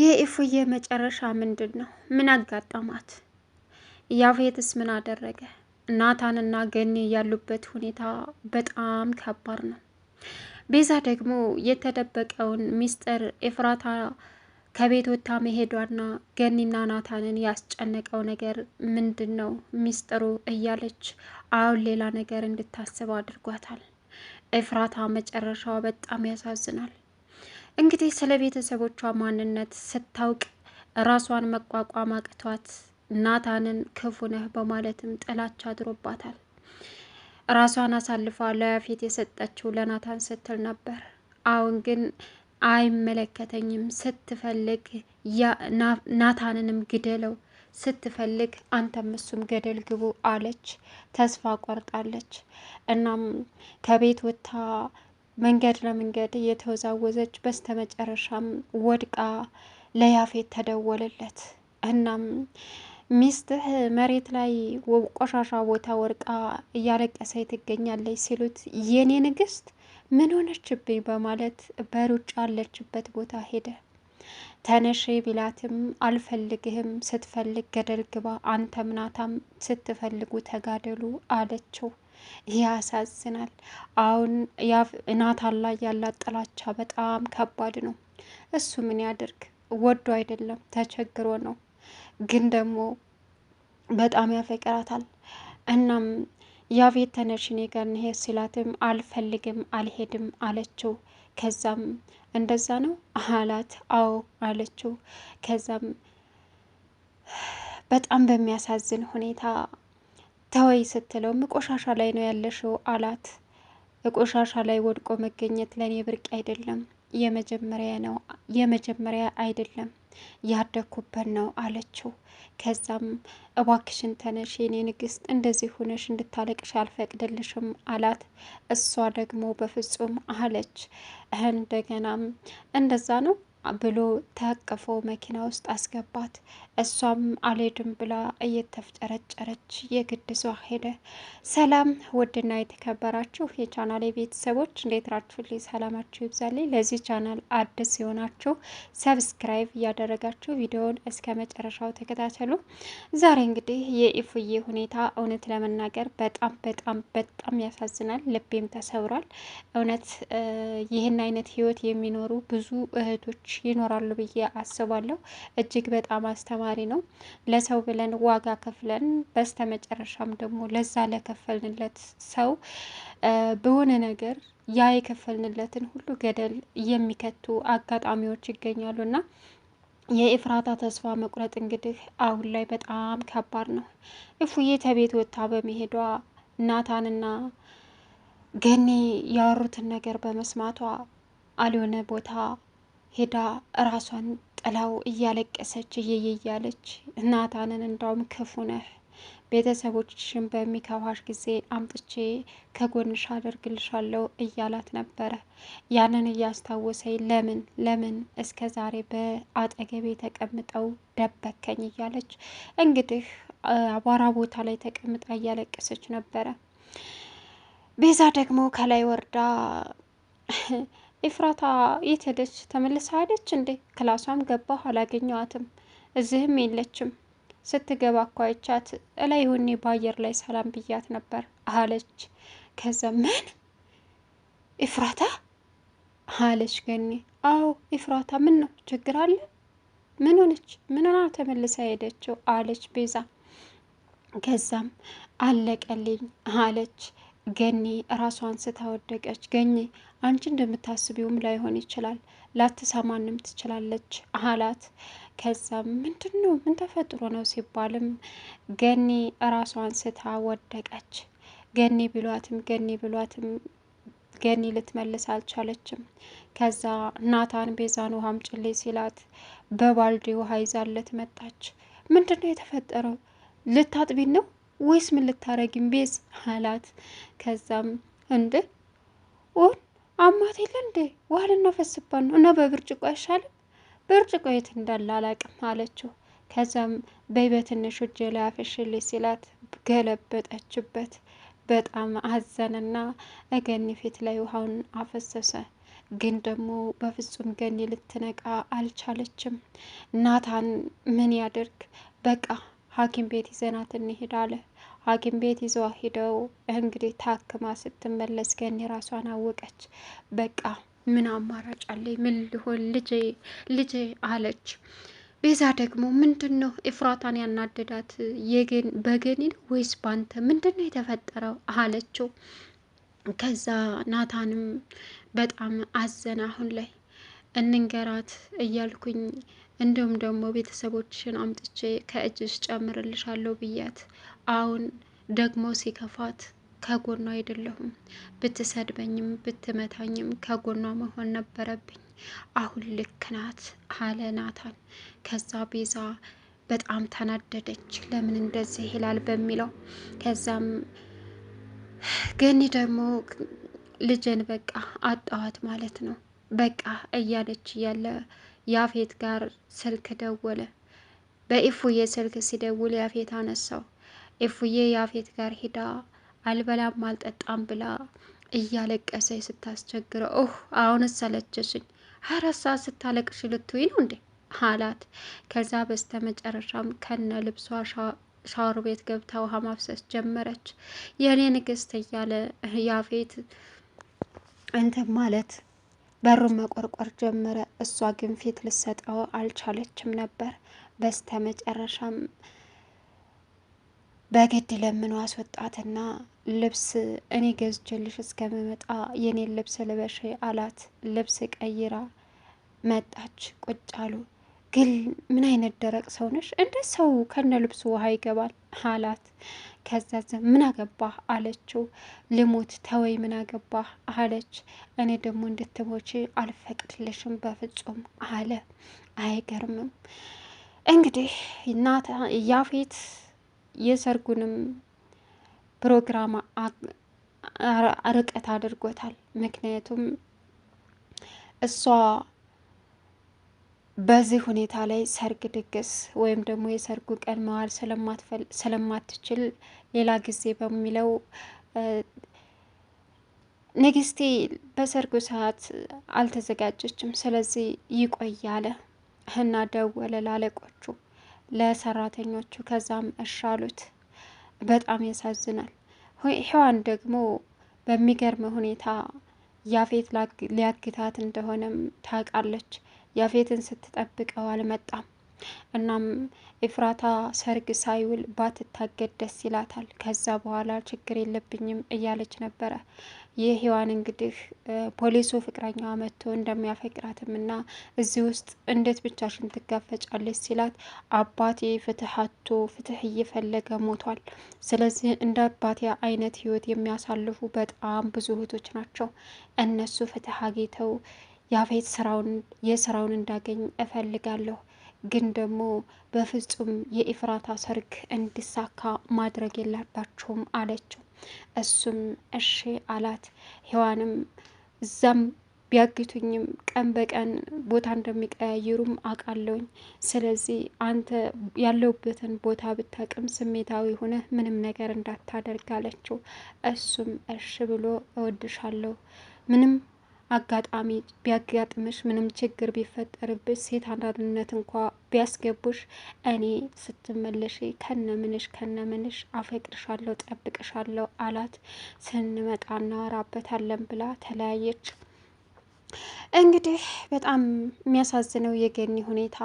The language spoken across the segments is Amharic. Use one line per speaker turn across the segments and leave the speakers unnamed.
የኢፉዬ መጨረሻ ምንድን ነው? ምን አጋጠማት? ያፌትስ ምን አደረገ? ናታንና ገኒ ያሉበት ሁኔታ በጣም ከባድ ነው። ቤዛ ደግሞ የተደበቀውን ሚስጥር ኤፍራታ ከቤት ወታ መሄዷና ገኒና ናታንን ያስጨነቀው ነገር ምንድን ነው ሚስጥሩ እያለች አሁን ሌላ ነገር እንድታስብ አድርጓታል። ኤፍራታ መጨረሻዋ በጣም ያሳዝናል። እንግዲህ ስለ ቤተሰቦቿ ማንነት ስታውቅ ራሷን መቋቋም አቅቷት ናታንን ክፉ ነህ በማለትም ጥላቻ አድሮባታል። ራሷን አሳልፋ ለፊት የሰጠችው ለናታን ስትል ነበር። አሁን ግን አይመለከተኝም ስትፈልግ ናታንንም ግደለው ስትፈልግ አንተም እሱም ገደል ግቡ አለች። ተስፋ ቆርጣለች። እናም ከቤት ወታ መንገድ ለመንገድ እየተወዛወዘች በስተመጨረሻም ወድቃ ለያፌት ተደወለለት። እናም ሚስትህ መሬት ላይ ቆሻሻ ቦታ ወድቃ እያለቀሰ ትገኛለች ሲሉት የኔ ንግስት ምን ሆነችብኝ በማለት በሩጫ አለችበት ቦታ ሄደ። ተነሽ ቢላትም አልፈልግህም፣ ስትፈልግ ገደል ግባ፣ አንተም ምናታም ስትፈልጉ ተጋደሉ አለችው። ያሳዝናል። አሁን ናታን ላይ ያላት ጥላቻ በጣም ከባድ ነው። እሱ ምን ያደርግ ወዶ አይደለም ተቸግሮ ነው። ግን ደግሞ በጣም ያፈቅራታል። እናም ያቤት ተነሽ እኔ ጋር እንሄድ ሲላትም አልፈልግም አልሄድም አለችው። ከዛም እንደዛ ነው አላት። አዎ አለችው። ከዛም በጣም በሚያሳዝን ሁኔታ ተወይ ስትለውም ቆሻሻ ላይ ነው ያለሽው አላት። ቆሻሻ ላይ ወድቆ መገኘት ለእኔ ብርቅ አይደለም፣ የመጀመሪያ ነው የመጀመሪያ አይደለም፣ ያደኩበት ነው አለችው። ከዛም እባክሽን ተነሽ የኔ ንግስት፣ እንደዚህ ሆነሽ እንድታለቅሽ አልፈቅድልሽም አላት። እሷ ደግሞ በፍጹም አለች። እንደገናም እንደዛ ነው ብሎ ታቅፎ መኪና ውስጥ አስገባት። እሷም አልሄድም ብላ እየተፍጨረጨረች የግድ ሷ ሄደ። ሰላም ውድና የተከበራችሁ የቻናል ቤተሰቦች እንዴት ናችሁልኝ? ሰላማችሁ ይብዛልኝ። ለዚህ ቻናል አዲስ ሲሆናችሁ ሰብስክራይብ እያደረጋችሁ ቪዲዮውን እስከ መጨረሻው ተከታተሉ። ዛሬ እንግዲህ የኢፉዬ ሁኔታ እውነት ለመናገር በጣም በጣም በጣም ያሳዝናል። ልቤም ተሰብሯል። እውነት ይህን አይነት ህይወት የሚኖሩ ብዙ እህቶች ይኖራሉ ብዬ አስባለሁ። እጅግ በጣም አስተማ ተጨማሪ ነው። ለሰው ብለን ዋጋ ከፍለን በስተመጨረሻም ደግሞ ለዛ ለከፈልንለት ሰው በሆነ ነገር ያ የከፈልንለትን ሁሉ ገደል የሚከቱ አጋጣሚዎች ይገኛሉ እና የኤፍራታ ተስፋ መቁረጥ እንግዲህ አሁን ላይ በጣም ከባድ ነው። እፉዬ ተቤት ወጥታ በመሄዷ ናታንና ገኒ ያወሩትን ነገር በመስማቷ አልሆነ ቦታ ሄዳ እራሷን ጥላው እያለቀሰች እየየ እያለች ናታንን እንዳውም ክፉ ነህ ቤተሰቦችሽን በሚከፋሽ ጊዜ አምጥቼ ከጎንሽ አደርግልሻለሁ እያላት ነበረ። ያንን እያስታወሰኝ ለምን ለምን እስከ ዛሬ በአጠገቤ ተቀምጠው ደበከኝ እያለች እንግዲህ አቧራ ቦታ ላይ ተቀምጣ እያለቀሰች ነበረ። ቤዛ ደግሞ ከላይ ወርዳ ኤፍራታ የት ሄደች? ተመልሳ ሄደች እንዴ? ክላሷም ገባሁ አላገኘዋትም። እዚህም የለችም። ስትገባ ኳይቻት አይቻት እላይ በአየር ላይ ሰላም ብያት ነበር አለች። ከዛ ምን ኤፍራታ አለች ገኒ። አዎ ኤፍራታ፣ ምን ነው ችግር አለ? ምን ሆነች? ምን ሆና ተመልሳ ሄደችው? አለች ቤዛ። ከዛም አለቀልኝ አለች ገኒ ራሷን ስታወደቀች። ገኒ አንቺ እንደምታስቢውም ላይሆን ይችላል፣ ላትሰማንም ትችላለች አላት። ከዛ ምንድን ነው ምን ተፈጥሮ ነው ሲባልም ገኒ ራሷን ስታወደቀች። ገኒ ብሏትም ገኒ ብሏትም ገኒ ልትመልስ አልቻለችም። ከዛ ናታን ቤዛን ውሃ አምጪልኝ ሲላት በባልዲ ውሃ ይዛለት መጣች። ምንድን ነው የተፈጠረው? ልታጥቢን ነው ወይስ ምን ልታረግም ቤዝ አላት። ከዛም እንደ ኦን አማት የለ እንዴ ዋህል እናፈስባን ነው እና በብርጭቆ አይሻልም? ብርጭቆ የት እንዳለ አላቅም አለችው። ከዛም በይ በትንሹ እጄ ላይ አፍሽልኝ ሲላት ገለበጠችበት። በጣም አዘነና ገኒ ፊት ላይ ውሃውን አፈሰሰ። ግን ደግሞ በፍጹም ገኒ ልትነቃ አልቻለችም። ናታን ምን ያደርግ በቃ ሐኪም ቤት ይዘናት እንሄድ አለ። ሐኪም ቤት ይዘዋ ሂደው እንግዲህ ታክማ ስትመለስ ገኒ ራሷን አወቀች። በቃ ምን አማራጭ አለኝ? ምን ልሆን ልጄ ልጄ አለች። ቤዛ ደግሞ ምንድን ነው ኤፍራታን ያናደዳት በገኒ ወይስ ባንተ? ምንድን ነው የተፈጠረው አለችው። ከዛ ናታንም በጣም አዘነ አሁን ላይ እንንገራት እያልኩኝ እንዲሁም ደግሞ ቤተሰቦችን አምጥቼ ከእጅሽ ጨምርልሻለሁ ብያት፣ አሁን ደግሞ ሲከፋት ከጎኗ አይደለሁም። ብትሰድበኝም ብትመታኝም ከጎኗ መሆን ነበረብኝ። አሁን ልክ ናት አለ ናታን። ከዛ ቤዛ በጣም ተናደደች፣ ለምን እንደዚህ ይላል በሚለው ከዛም ገኒ ደግሞ ልጄን በቃ አጣዋት ማለት ነው በቃ እያለች ያለ ያፌት ጋር ስልክ ደወለ። በኢፉዬ ስልክ ሲደውል ያፌት አነሳው። ኢፉዬ ያፌት ጋር ሂዳ አልበላም አልጠጣም ብላ እያለቀሰ ስታስቸግረው ኦህ አሁን ሰለቸሽኝ፣ ሀረሳ ስታለቅሽ ልትይ ነው እንዴ አላት። ከዛ በስተ መጨረሻም ከነ ልብሷ ሻወር ቤት ገብታ ውሃ ማፍሰስ ጀመረች። የእኔ ንግስት እያለ ያፌት እንትን ማለት በሩን መቆርቆር ጀመረ። እሷ ግን ፊት ልሰጠው አልቻለችም ነበር። በስተ መጨረሻም በግድ ለምኖ አስወጣትና ልብስ እኔ ገዝቼልሽ እስከምመጣ የኔን ልብስ ልበሽ አላት። ልብስ ቀይራ መጣች። ቁጭ አሉ። ግን ምን አይነት ደረቅ ሰው ነሽ? እንደ ሰው ከነ ልብሱ ውሃ ይገባል አላት። ከዘዘ ምን አገባህ አለችው። ልሙት ተወይ ምን አገባህ አለች። እኔ ደግሞ እንድትሞች አልፈቅድልሽም በፍጹም አለ። አይገርምም እንግዲህ ናታ ያፌት የሰርጉንም ፕሮግራም ርቀት አድርጎታል። ምክንያቱም እሷ በዚህ ሁኔታ ላይ ሰርግ ድግስ ወይም ደግሞ የሰርጉ ቀን መዋል ስለማትችል ሌላ ጊዜ በሚለው ንግስቴ በሰርጉ ሰዓት አልተዘጋጀችም፣ ስለዚህ ይቆያለ አለ እና ደወለ ላለቆቹ ለሰራተኞቹ። ከዛም እሻሉት በጣም ያሳዝናል። ሔዋን ደግሞ በሚገርም ሁኔታ ያፌት ሊያግታት እንደሆነም ታውቃለች። ያፌትን ስትጠብቀው አልመጣም። እናም ኤፍራታ ሰርግ ሳይውል ባትታገድ ደስ ይላታል። ከዛ በኋላ ችግር የለብኝም እያለች ነበረ። ይህ ሔዋን እንግዲህ ፖሊሱ ፍቅረኛዋ መጥቶ እንደሚያፈቅራትም እና እዚህ ውስጥ እንዴት ብቻሽን ትጋፈጫለች ሲላት አባቴ ፍትህ አቶ ፍትህ እየፈለገ ሞቷል። ስለዚህ እንደ አባቴ አይነት ህይወት የሚያሳልፉ በጣም ብዙ እህቶች ናቸው። እነሱ ፍትህ አግኝተው ያፌት ስራውን የስራውን እንዳገኝ እፈልጋለሁ ግን ደግሞ በፍጹም የኢፍራታ ሰርግ እንዲሳካ ማድረግ የለባቸውም አለችው። እሱም እሺ አላት። ሔዋንም እዛም ቢያግቱኝም ቀን በቀን ቦታ እንደሚቀያይሩም አውቃለሁኝ። ስለዚህ አንተ ያለውበትን ቦታ ብታቅም ስሜታዊ ሆነ ምንም ነገር እንዳታደርግ አለችው። እሱም እሺ ብሎ እወድሻለሁ ምንም አጋጣሚ ቢያጋጥምሽ ምንም ችግር ቢፈጠርብሽ ሴት አንዳንድነት እንኳ ቢያስገቡሽ እኔ ስትመለሽ ከነምንሽ ከነምንሽ አፈቅርሻለሁ፣ ጠብቅሻለሁ አላት። ስንመጣ እናወራበታለን ብላ ተለያየች። እንግዲህ በጣም የሚያሳዝነው የገኒ ሁኔታ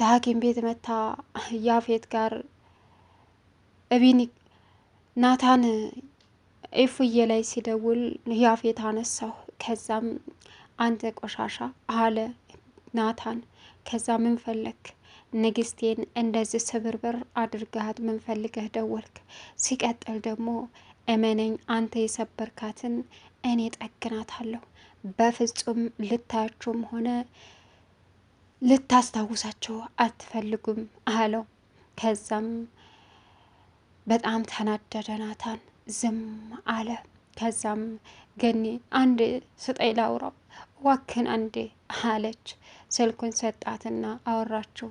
ተሐኪም ቤት መታ ያፌት ጋር እቢኒ ናታን ኢፉዬ ላይ ሲደውል ያፌት አነሳው። ከዛም አንተ ቆሻሻ አለ ናታን። ከዛ ምን ንግስቴን እንደዚህ ስብርብር አድርገሃት ምን ፈልገህ ደወልክ? ሲቀጥል ደግሞ እመነኝ አንተ የሰበርካትን እኔ ጠግናታለሁ። በፍጹም ልታያችሁም ሆነ ልታስታውሳቸው አትፈልጉም አለው። ከዛም በጣም ተናደደ ናታን፣ ዝም አለ። ከዛም ገኒ አንድ ስጠይ ላውራው ዋክን አንዴ አለች። ስልኩን ሰጣትና አወራችው።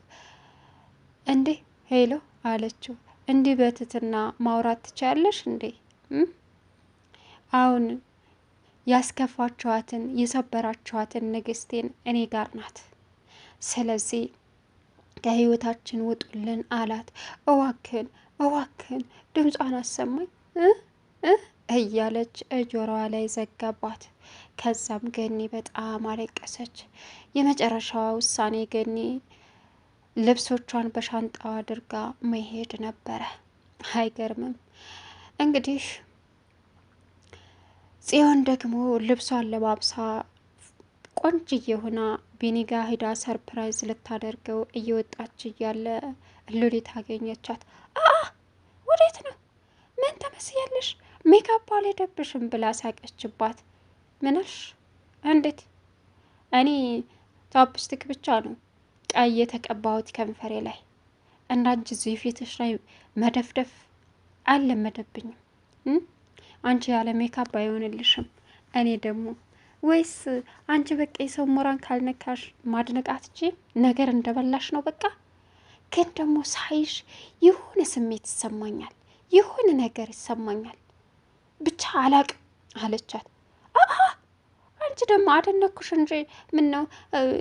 እንዴ ሄሎ አለችው። እንዲህ በትትና ማውራት ትችያለሽ እንዴ? አሁን ያስከፋችኋትን የሰበራችኋትን ንግስቴን እኔ ጋር ናት። ስለዚህ ከህይወታችን ውጡልን አላት። እዋክን እዋክን ድምጿን አሰማኝ እያለች ጆሮዋ ላይ ዘጋባት። ከዛም ገኒ በጣም አለቀሰች። የመጨረሻዋ ውሳኔ ገኒ ልብሶቿን በሻንጣዋ አድርጋ መሄድ ነበረ። አይገርምም እንግዲህ። ጽዮን ደግሞ ልብሷን ለባብሳ ቆንጅዬ ሆና ቢኒጋ ሂዳ ሰርፕራይዝ ልታደርገው እየወጣች እያለ ሉሊት አገኘቻት። አ ወዴት ነው? ምን ተመስያለሽ? ሜካፕ አልሄደብሽም ብላ ሳቀችባት። ምንሽ? እንዴት? እኔ ቻፕስቲክ ብቻ ነው ቀይ የተቀባሁት ከንፈሬ ላይ እንዳንቺ እዚህ ፊትሽ ላይ መደፍደፍ አልለመደብኝም። አንቺ ያለ ሜካፕ አይሆንልሽም። እኔ ደግሞ ወይስ አንቺ በቃ የሰው ሞራን ካልነካሽ ማድነቃት እንጂ ነገር እንደበላሽ ነው። በቃ ግን ደግሞ ሳይሽ የሆነ ስሜት ይሰማኛል፣ የሆነ ነገር ይሰማኛል። ብቻ አላቅ አለቻት። አንቺ ደግሞ አደነኩሽ እንጂ ምን ነው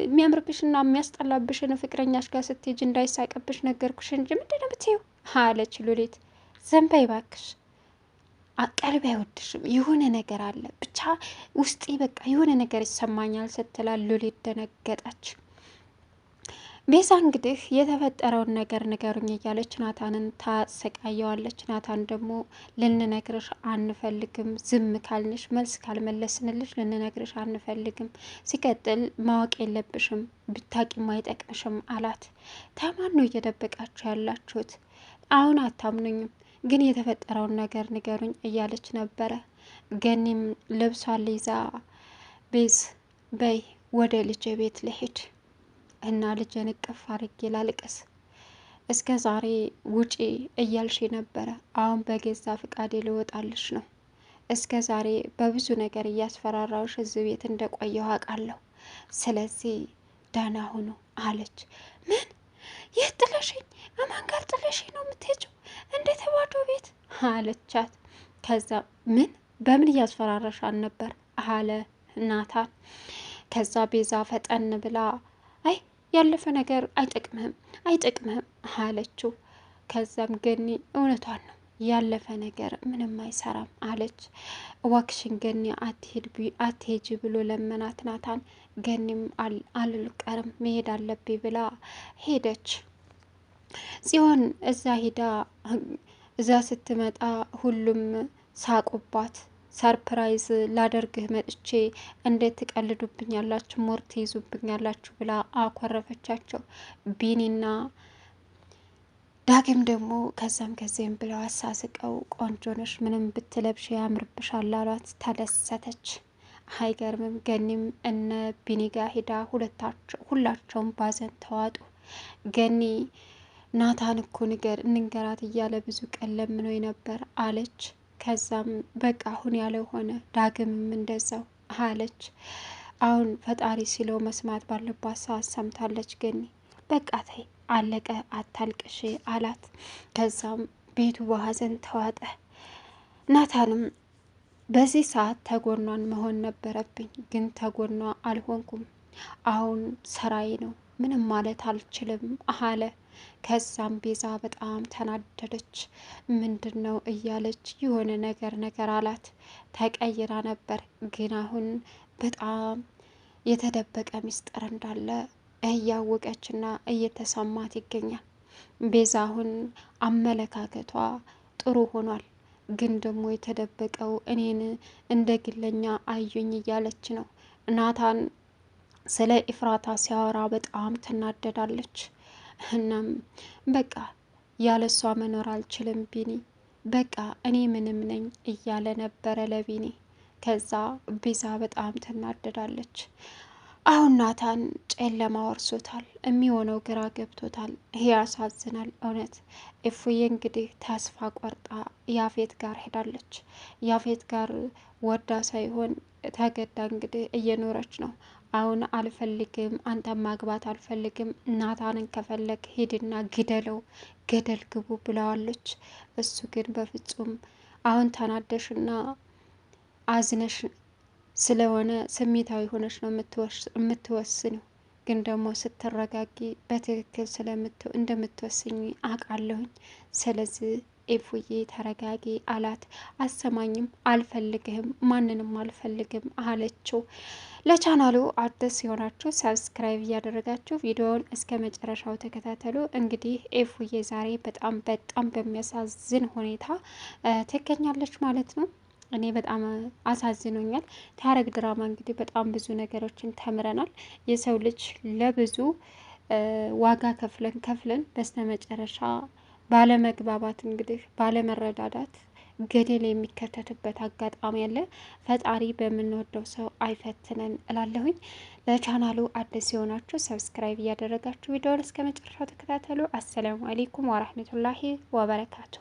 የሚያምርብሽና የሚያስጠላብሽን ፍቅረኛሽ ጋር ስትሄጂ እንዳይሳቅብሽ ነገርኩሽ እንጂ ምንድን ነው አለች ሉሊት። ዘንባ ይባክሽ አቀልቢ አይወድሽም፣ የሆነ ነገር አለ ብቻ ውስጤ በቃ የሆነ ነገር ይሰማኛል ስትላል ሉሊት ደነገጠች። ቤዛ እንግዲህ የተፈጠረውን ነገር ንገሩኝ እያለች ናታንን ታሰቃየዋለች። ናታን ደግሞ ልንነግርሽ አንፈልግም፣ ዝም ካልንሽ፣ መልስ ካልመለስንልሽ ልንነግርሽ አንፈልግም፣ ሲቀጥል ማወቅ የለብሽም፣ ብታቂም አይጠቅምሽም አላት። ታማኖ ነው እየደበቃችሁ ያላችሁት? አሁን አታምኑኝም፣ ግን የተፈጠረውን ነገር ንገሩኝ እያለች ነበረ። ገኒም ልብሷን ይዛ ቤዝ በይ ወደ ልጄ ቤት ልሂድ እና ልጄን እቅፍ አርጌ ላልቅስ። እስከ ዛሬ ውጪ እያልሽ ነበረ፣ አሁን በገዛ ፍቃዴ ልወጣልሽ ነው። እስከ ዛሬ በብዙ ነገር እያስፈራራውሽ እዚህ ቤት እንደቆየው አውቃለሁ። ስለዚህ ደህና ሁኑ አለች። ምን የት ጥለሽኝ? አማን ጋር ጥለሽኝ ነው የምትሄጂው? እንደ ተባዶ ቤት አለቻት። ከዛ ምን በምን እያስፈራረሻን ነበር አለ ናታን። ከዛ ቤዛ ፈጠን ብላ ያለፈ ነገር አይጠቅምህም አይጠቅምህም አለችው። ከዛም ገኒ እውነቷን ነው ያለፈ ነገር ምንም አይሰራም አለች። ዋክሽን ገኒ አትሄጂ ብሎ ለመናት ናታን። ገኒም አልልቀርም መሄድ አለብኝ ብላ ሄደች። ጽዮን እዛ ሂዳ እዛ ስትመጣ ሁሉም ሳቁባት። ሰርፕራይዝ ላደርግህ መጥቼ እንዴት ትቀልዱብኛላችሁ፣ ሞር ትይዙብኛላችሁ ብላ አኮረፈቻቸው። ቢኒና ዳግም ደግሞ ከዛም ከዚህም ብለው አሳስቀው ቆንጆ ነሽ፣ ምንም ብትለብሽ ያምርብሻል አሏት። ተደሰተች። አይገርምም። ገኒም እነ ቢኒ ጋ ሂዳ ሁላቸውም ባዘን ተዋጡ። ገኒ ናታን እኮ ንገር እንንገራት እያለ ብዙ ቀን ለምኖ ነበር አለች። ከዛም በቃ አሁን ያለው ሆነ፣ ዳግምም እንደዛው አለች። አሁን ፈጣሪ ሲለው መስማት ባለባት ሰዓት ሰምታለች። ግን በቃ ተይ አለቀ አታልቅሽ አላት። ከዛም ቤቱ በሀዘን ተዋጠ። ናታንም በዚህ ሰዓት ተጎኗን መሆን ነበረብኝ፣ ግን ተጎኗ አልሆንኩም። አሁን ሰራይ ነው ምንም ማለት አልችልም አለ። ከዛም ቤዛ በጣም ተናደደች። ምንድን ነው እያለች የሆነ ነገር ነገር አላት። ተቀይራ ነበር፣ ግን አሁን በጣም የተደበቀ ምስጢር እንዳለ እያወቀችና እየተሰማት ይገኛል። ቤዛ አሁን አመለካከቷ ጥሩ ሆኗል፣ ግን ደግሞ የተደበቀው እኔን እንደ ግለኛ አዩኝ እያለች ነው። ናታን ስለ ኢፍራታ ሲያወራ በጣም ትናደዳለች። እናም በቃ ያለ እሷ መኖር አልችልም ቢኒ በቃ እኔ ምንም ነኝ እያለ ነበረ ለቢኒ። ከዛ ቤዛ በጣም ትናደዳለች። አሁን ናታን ጨለማ ወርሶታል። የሚሆነው ግራ ገብቶታል። ይህ ያሳዝናል እውነት። እፉዬ እንግዲህ ተስፋ ቆርጣ ያፌት ጋር ሄዳለች። ያፌት ጋር ወዳ ሳይሆን ተገዳ እንግዲህ እየኖረች ነው። አሁን አልፈልግም፣ አንተን ማግባት አልፈልግም፣ ናታንን ከፈለግ ሂድና ግደለው፣ ገደል ግቡ ብለዋለች። እሱ ግን በፍጹም አሁን ተናደሽና አዝነሽ ስለሆነ ስሜታዊ ሆነች ነው የምትወስኒው፣ ግን ደግሞ ስትረጋጊ በትክክል እንደምትወስኝ አውቃለሁኝ። ስለዚህ ኤፉዬ ተረጋጊ አላት። አሰማኝም፣ አልፈልግህም፣ ማንንም አልፈልግም አለችው። ለቻናሉ አዲስ ሲሆናችሁ ሰብስክራይብ እያደረጋችሁ ቪዲዮውን እስከ መጨረሻው ተከታተሉ። እንግዲህ ኤፉዬ ዛሬ በጣም በጣም በሚያሳዝን ሁኔታ ትገኛለች ማለት ነው። እኔ በጣም አሳዝኖኛል። ሐረግ ድራማ እንግዲህ በጣም ብዙ ነገሮችን ተምረናል። የሰው ልጅ ለብዙ ዋጋ ከፍለን ከፍለን በስተ መጨረሻ ባለመግባባት እንግዲህ ባለመረዳዳት ገደል የሚከተትበት አጋጣሚ አለ። ፈጣሪ በምንወደው ሰው አይፈትነን እላለሁኝ። ለቻናሉ አዲስ የሆናችሁ ሰብስክራይብ እያደረጋችሁ ቪዲዮውን እስከ መጨረሻው ተከታተሉ። አሰላሙ አሌይኩም ወራህመቱላሂ ወበረካቱ።